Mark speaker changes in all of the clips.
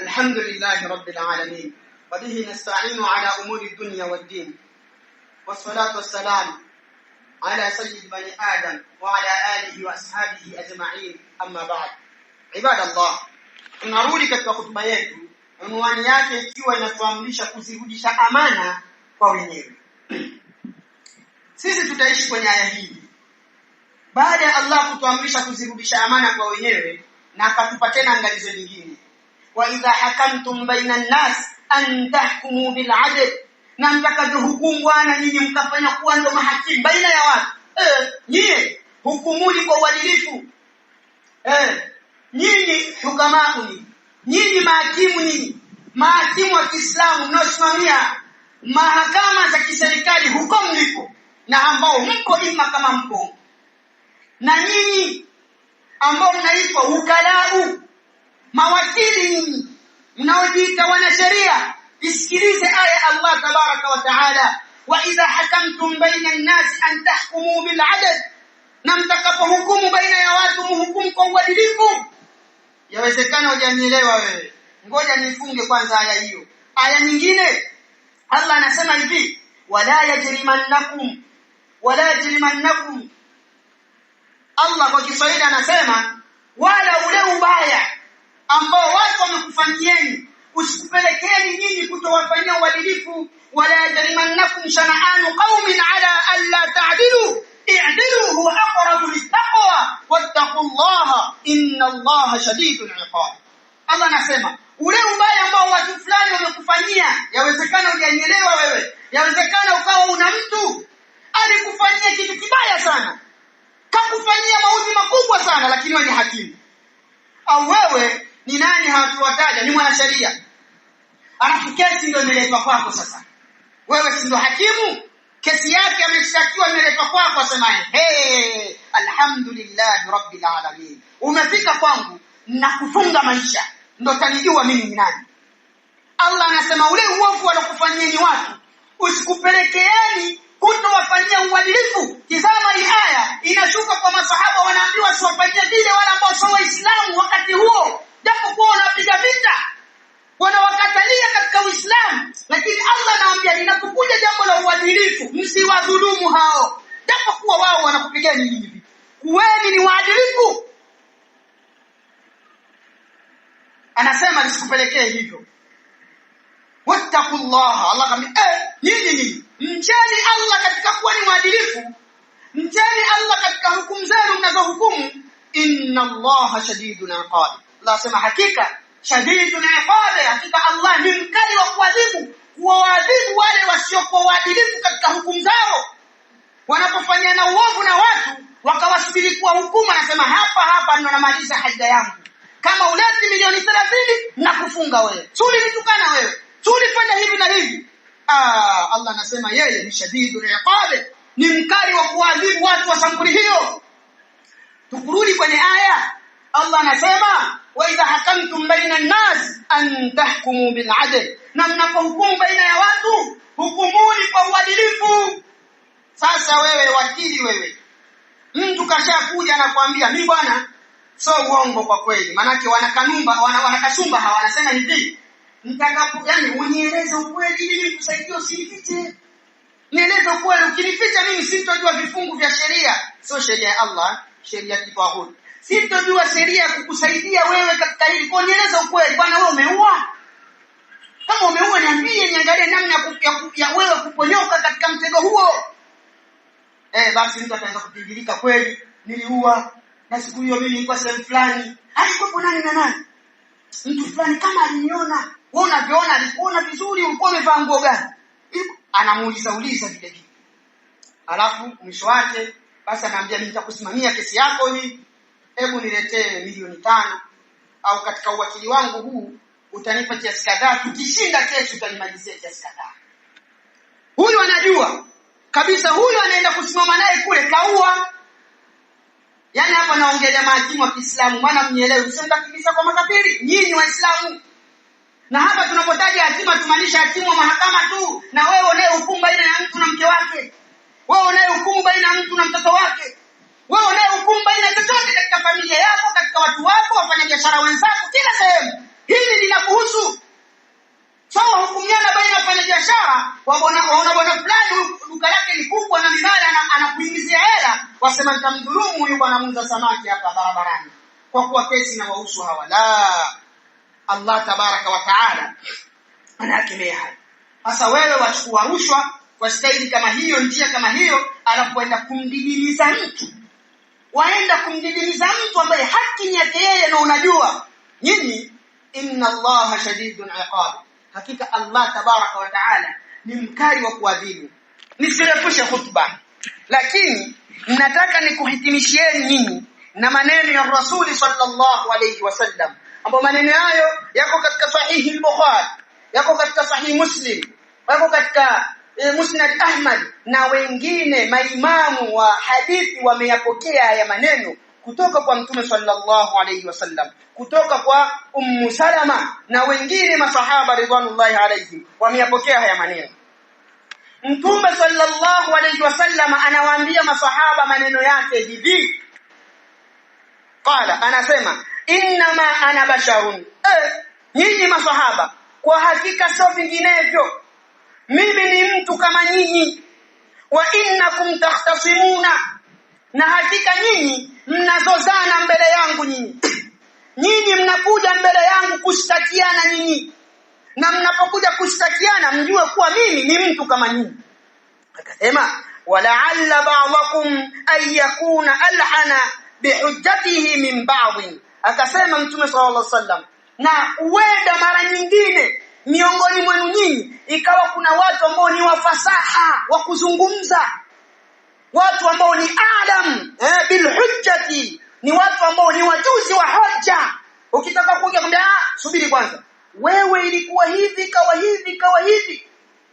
Speaker 1: الحمد لله رب العالمين وبه نستعين على امور الدنيا والدين والصلاه والسلام على سيد بني ادم وعلى اله واصحابه اجمعين اما بعد عباد الله tunarudi katika hotuba yetu unwani yake ikiwa inatuamrisha kuzirudisha amana kwa wenyewe sisi tutaishi kwenye aya hii baada ya Allah kutuamrisha kuzirudisha amana kwa wenyewe na akatupa tena angalizo nyingine wa idha hakamtum baina an-nas an tahkumu bil 'adl na mtakapohukumu bwana nyinyi mkafanya kuwa ndo mahakimu baina ya watu eh nyinyi hukumuni kwa uadilifu eh nyinyi ni nyinyi mahakimu nyinyi mahakimu wa Kiislamu mnaosimamia mahakama za kiserikali huko mlipo na ambao mko ima kama mko na nyinyi ambao mnaitwa ukalau mawakili nyinyi mnaojiita wanasheria isikilize aya Allah tabaraka wa taala wa idha hakamtum baina an-nas an tahkumu bil 'adl na mtakapohukumu baina ya watu muhukumu kwa uadilifu yawezekana hujanielewa wewe ngoja nifunge kwanza aya hiyo aya nyingine Allah anasema hivi wala yajrimannakum wala yajrimannakum Allah kwa Kiswahili anasema wala ule ubaya ambao watu wamekufanyieni usikupelekeni nyinyi kutowafanyia uadilifu wala yajrimannakum shana'anu qaumin ala alla ta'dilu i'dilu huwa aqrabu littaqwa wattaqullaha inna allaha shadidul iqab Allah anasema ule ubaya ambao watu fulani wamekufanyia yawezekana hujanielewa wewe yawezekana ukawa una mtu alikufanyia kitu kibaya sana kakufanyia mauzi makubwa sana lakini wewe ni hakimu au wewe ni nani hatuwataja ni mwanasheria alafu kesi ndio imeletwa kwako sasa wewe si ndio hakimu kesi yake ameshtakiwa imeletwa kwako asemaye hey, alhamdulillah rabbil alamin umefika kwangu na kufunga maisha ndo tanijua mimi ni nani Allah anasema ule uovu walokufanyeni watu usikupelekeeni kutowafanyia uadilifu tizama hii aya inashuka kwa masahaba wanaambiwa siwafanyia vile wala ambao sio waislamu wakati huo japokuwa kuwa vita wanawakatalia katika Uislamu, lakini Allah anawambia linapokuja jambo la uadilifu msiwadhulumu hao, japokuwa kuwa wao wanakupigani hivi, kuweni ni waadilifu. Anasema lisikupelekee hivyo. Wattaqullaha, Allah kami eh, nyinyi nyinyi mcheni Allah katika kuwa ni mwadilifu, mcheni Allah katika hukumu zenu mnazohukumu. Inna Allaha shadidul iqab Allah sema hakika shadidul iqabi hakika Allah ni mkali wa kuadhibu kuwaadhibu wale wasiokuwa waadilifu katika hukumu zao wanapofanya na uovu na watu wakawasubiri kwa hukumu anasema hapa hapa ndo namaliza haja yangu kama uleti milioni 30 na kufunga wewe tuli tulitukana wewe tuli fanya hivi na hivi ah Allah anasema yeye ni shadidul iqabi ni mkali wa kuadhibu watu wa sampuli hiyo tukurudi kwenye aya Allah anasema wa idha hakamtum baina nas an tahkumu bil adl, na mnapohukumu baina ya watu hukumuni kwa uadilifu. Sasa wewe wakili, wewe mtu kashakuja anakuambia mi bwana, so uongo kwa kweli, manake wanakanumba wana, wanakasumba hawa wanasema hivi mtakapo, yani unieleze ukweli ili nikusaidie, usifiche nieleze ukweli. Ukinificha mimi sitojua vifungu vya sheria, sio sheria ya Allah, sheria ya kitawahudi sitojua sheria ya kukusaidia wewe katika hili kwa nieleza ukweli bwana wewe umeua kama umeua niambie niangalie namna ya, ya wewe kuponyoka katika mtego huo eh basi mtu ataanza kupindilika kweli niliua na siku hiyo mimi nilikuwa sehemu fulani alikuwa nani na nani mtu fulani kama aliniona wewe unaviona, alikuona vizuri ulikuwa umevaa nguo gani anamuuliza uliza vile vile alafu mwisho wake basi anaambia nitakusimamia kesi yako hii hebu niletee milioni tano au katika uwakili wangu huu utanipa kiasi kadhaa tukishinda kesi utanimalizia kiasi kadhaa huyu anajua kabisa huyu anaenda kusimama naye kule kaua yaani hapa naongelea mahakimu wa Kiislamu maana mnielewe msimtakiliza kwa makafiri nyinyi waislamu na hapa tunapotaja hatima tumaanisha hakimu wa mahakama tu na wewe unaye hukumu baina ya mtu na mke wake wewe unaye hukumu baina ya mtu na mtoto wake wewe unaye hukumu wafanyabiashara wenzako kila sehemu hili linakuhusu sawa hukumiana baina ya wafanyabiashara waona bwana fulani duka lake ni kubwa na mibali anakuingizia hela wasema nitamdhulumu huyu bwana muuza samaki hapa barabarani kwa kuwa kesi na wahusu hawa la Allah tabaraka wa taala anahakimia haya sasa wewe wachukua rushwa kwa staili kama hiyo njia kama hiyo anapoenda kumdidimiza mtu waenda kumdidimiza mtu ambaye haki ni yake yeye na unajua nyinyi inna llaha shadidun iqab hakika allah tabaraka wa taala ni mkali wa kuadhibu nisirefushe hutuba lakini nataka nikuhitimishieni nyinyi na maneno ya rasuli sallallahu alayhi wasallam ambapo maneno hayo yako katika sahihi al-bukhari yako katika sahihi muslim yako katika E, Musnad Ahmad na wengine maimamu wa hadithi wameyapokea haya maneno kutoka kwa mtume sallallahu alayhi wasallam kutoka kwa ummu salama na wengine masahaba ridwanullahi alayhim wameyapokea haya maneno mtume sallallahu alayhi wasallam anawaambia masahaba maneno yake hivi qala anasema innama ana basharun eh, nyinyi masahaba kwa hakika sio vinginevyo mimi ni mtu kama nyinyi wa innakum takhtasimuna na hakika nyinyi mnazozana mbele yangu nyinyi nyinyi mnakuja mbele yangu kushtakiana nyinyi na mnapokuja kushtakiana mjue kuwa mimi ni mtu kama nyinyi akasema walaalla ba'dakum an yakuna alhana bihujjatihi min ba'd akasema mtume sallallahu alaihi wasallam na uenda mara nyingine miongoni mwenu nyinyi ikawa kuna watu ambao ni wafasaha wa kuzungumza watu ambao ni adam eh, bil hujjati ni watu ambao ni wajuzi wa hoja ukitaka kuja kwambia ah subiri kwanza wewe ilikuwa hivi kawa hivi kawa hivi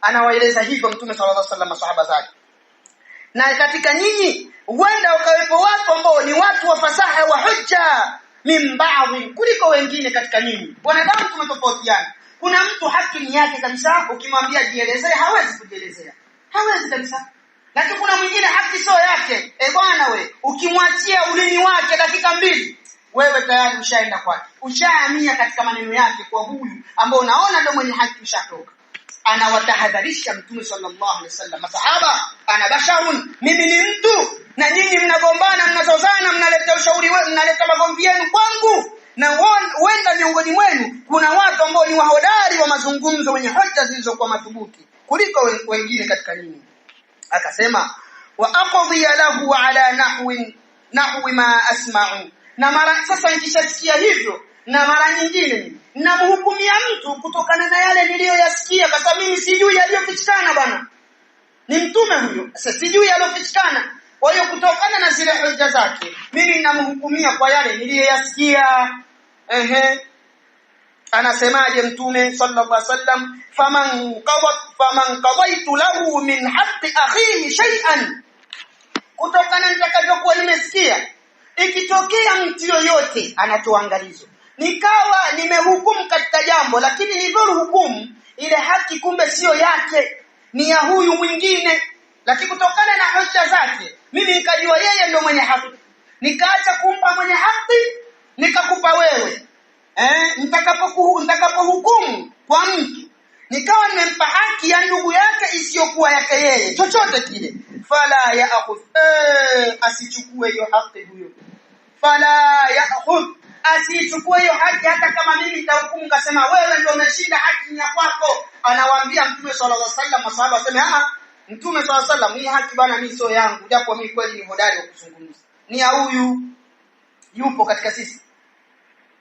Speaker 1: anawaeleza hivyo mtume sallallahu alaihi wasallam masahaba zake na katika nyinyi huenda ukawepo watu ambao ni watu wa fasaha wa hujja ba'dhi kuliko wengine katika nyinyi wanadamu tumetofautiana kuna mtu haki ni yake kabisa ukimwambia jielezee hawezi kujielezea hawezi kabisa lakini kuna mwingine haki sio yake e bwana we ukimwachia ulimi wake dakika mbili wewe tayari ushaenda kwake ushaamia katika maneno yake kwa huyu ambao unaona ndio mwenye haki ushatoka anawatahadharisha mtume sallallahu alaihi wasallam masahaba ana basharun mimi ni mtu na nyinyi mnagombana mnazozana mnaleta ushauri wenu mnaleta magomvi yenu kwangu na huenda miongoni mwenu kuna watu ambao ni wahodari wa mazungumzo wenye hoja zilizokuwa madhubuti kuliko wengine katika nyinyi. akasema wa aqdhiya lahu ala nahwin nahwi ma asma'u na mara sasa nikishasikia hivyo na mara nyingine namhukumia mtu kutokana na yale niliyoyasikia kwa sababu mimi sijui yaliyofichikana bwana ni mtume huyo sasa sijui yaliyofichikana kwa hiyo kutokana na zile hoja zake mimi namhukumia kwa yale niliyoyasikia ehe anasemaje mtume sallallahu alaihi wasallam faman qawat faman qawaitu lahu min haqqi akhihi shay'an kutokana nitakavyokuwa nimesikia ikitokea mtu yoyote anatoangalizo nikawa nimehukumu katika jambo lakini nidhuru hukumu ile haki kumbe siyo yake ni ya huyu mwingine lakini kutokana na hoja zake mimi nikajua yeye ndio mwenye haki nikaacha kumpa mwenye haki nikakupa wewe eh, nitakapohukumu nitakapo kwa mtu nikawa nimempa haki ya ndugu yake isiyokuwa yake yeye chochote kile fala akhud eh, asichukue hiyo haki huyo fala akhud asichukue hiyo haki hata kama mimi nitahukumu kasema wewe ndio umeshinda haki ya kwako anawaambia mtume sallallahu alaihi wasallam masahaba waseme ah mtume sallallahu alaihi wasallam hii haki bana mimi sio yangu japo mimi kweli ni hodari wa kuzungumza ni ya huyu yupo katika sisi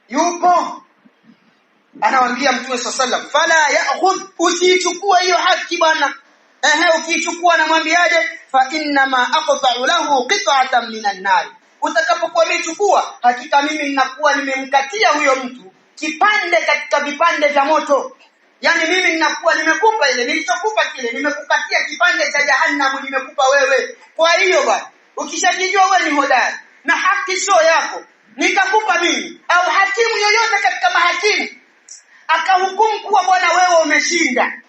Speaker 1: yupo anawaambia mtume sallam fala yaakhudh usiichukua hiyo haki bwana ehe ukiichukua namwambiaje fa inna ma aqta'u lahu qit'atan minan nar utakapokuwa umechukua hakika mimi ninakuwa nimemkatia huyo mtu kipande katika vipande vya moto yani mimi ninakuwa nimekupa ile nilichokupa kile nimekukatia kipande cha jahannamu nimekupa wewe kwa hiyo bwana ukishajijua wewe ni hodari na haki sio yako nitakupa mimi au hakimu yoyote katika mahakimu akahukumu kuwa bwana wewe umeshinda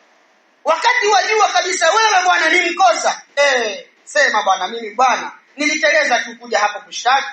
Speaker 1: wakati wajua kabisa wewe bwana ni mkosa eh sema bwana mimi bwana niliteleza tu kuja hapo kushtaki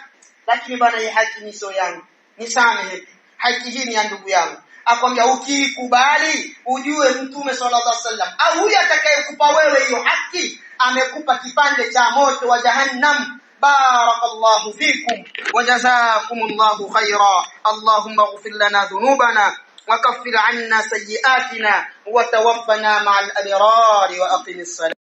Speaker 1: lakini bwana hii haki ni sio yangu nisamehe haki hii ni ya ndugu yangu akwambia ukiikubali ujue mtume sallallahu alaihi wasallam au huyu atakayekupa wewe hiyo haki amekupa kipande cha moto wa jahannam بارك الله فيكم وجزاكم الله خيرا اللهم اغفر لنا ذنوبنا وكفر عنا سيئاتنا وتوفنا مع الأبرار وأقم الصلاة